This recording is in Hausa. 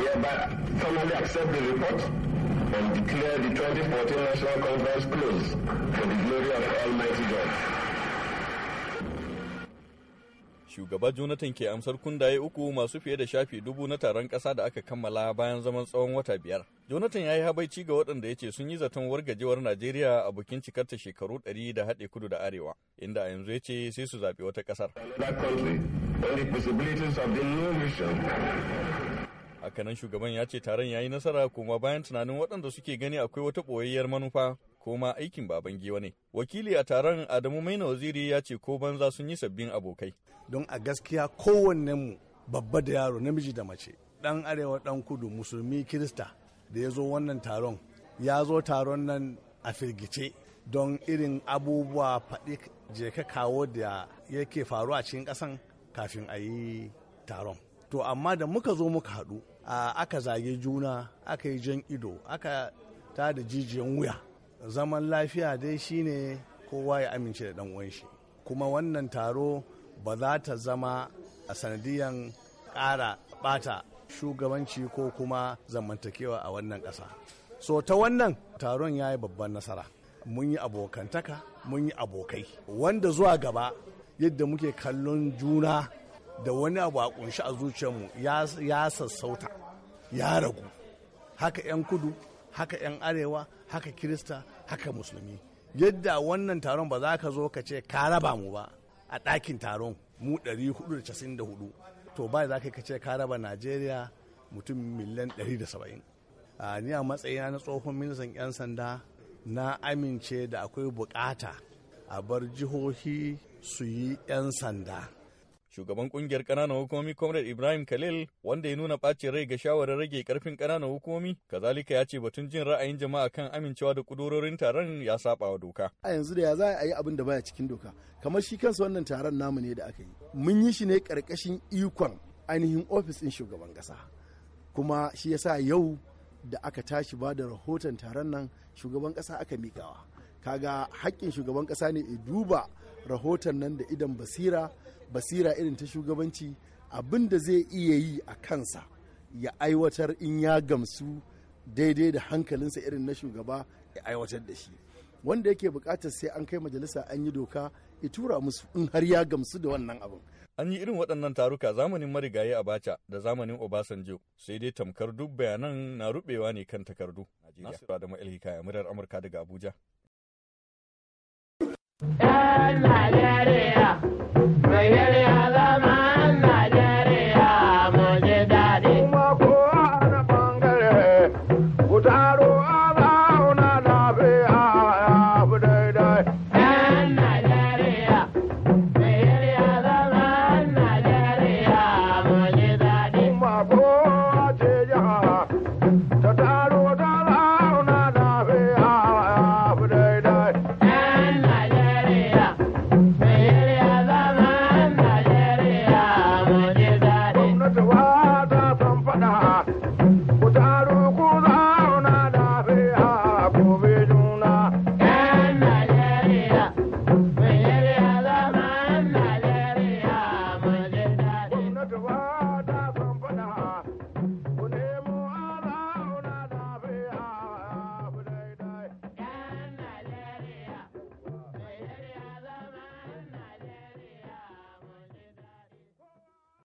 hereby formally accept the report and declare the 2014 National Conference closed for the glory of Almighty God. shugaba jonathan ke amsar kundaye uku masu fiye da shafi dubu na taron ƙasa da aka kammala bayan zaman tsawon wata biyar jonathan ya yi habaici ga waɗanda ya ce sun yi zaton wargajewar najeriya a bikin cikarta shekaru ɗari da haɗe kudu da arewa inda a yanzu ya ce sai su zaɓi wata ƙasar Hakanan shugaban ya ce taron ya yi nasara kuma bayan tunanin waɗanda suke gani akwai wata ɓoyayyar manufa ko aikin baban giwa ne. Wakili a taron Adamu Maina Waziri ya ce ko banza sun yi sabbin abokai. Don a gaskiya kowanne mu babba da yaro namiji da mace ɗan arewa dan kudu musulmi kirista da ya zo wannan taron ya zo taron nan a firgice don irin abubuwa faɗi je ka kawo da yake faru a cikin ƙasan kafin a yi taron. to amma da muka zo muka haɗu A aka zage juna aka yi jan ido aka ta da jijiyan wuya zaman lafiya dai shine kowa ya amince da ɗan shi kuma wannan taro ba za ta zama a sanadiyan ƙara ɓata shugabanci ko kuma zamantakewa a wannan ƙasa so ta wannan taron ya yi babban nasara mun yi abokantaka mun yi abokai wanda zuwa gaba yadda muke kallon juna da wani abu a kunshi a zuciyarmu ya sassauta ya ragu haka 'yan kudu haka 'yan arewa haka kirista haka musulmi yadda wannan taron ba za ka zo ka ce ka raba mu ba a ɗakin taron mu 494 to ba za ka ce ka raba najeriya mutum miliyan 170 a ni a matsayina na tsohon ministan 'yan sanda na amince da akwai bukata a bar jihohi su yi 'yan sanda Shugaban kungiyar ƙananan hukumomi Comrade Ibrahim Khalil wanda ya nuna ɓacin rai ga shawarar rage karfin ƙananan hukumomi, kazalika ya ce batun jin ra'ayin jama'a kan amincewa da kudurorin taron ya saba wa doka. A yanzu da ya za a yi abin da baya cikin doka, kamar shi kansa wannan taron namu ne da aka yi. Mun yi shi ne ƙarƙashin ikon ainihin ofis ɗin shugaban kasa Kuma shi yasa yau da aka tashi ba da rahoton taron nan shugaban kasa aka miƙawa. Kaga hakkin shugaban ƙasa ne ya duba rahoton nan da idan basira basira irin ta shugabanci abin da zai iya yi a kansa ya aiwatar in ya gamsu daidai da hankalinsa irin na shugaba ya aiwatar da shi wanda yake bukatar sai an kai majalisa an yi doka ya tura musu in har ya gamsu da wannan abin an yi irin waɗannan taruka zamanin marigayi abacha da zamanin obasanjo sai dai tamkar duk bayanan na rubewa ne kan takardu najeriya da murar amurka daga abuja God.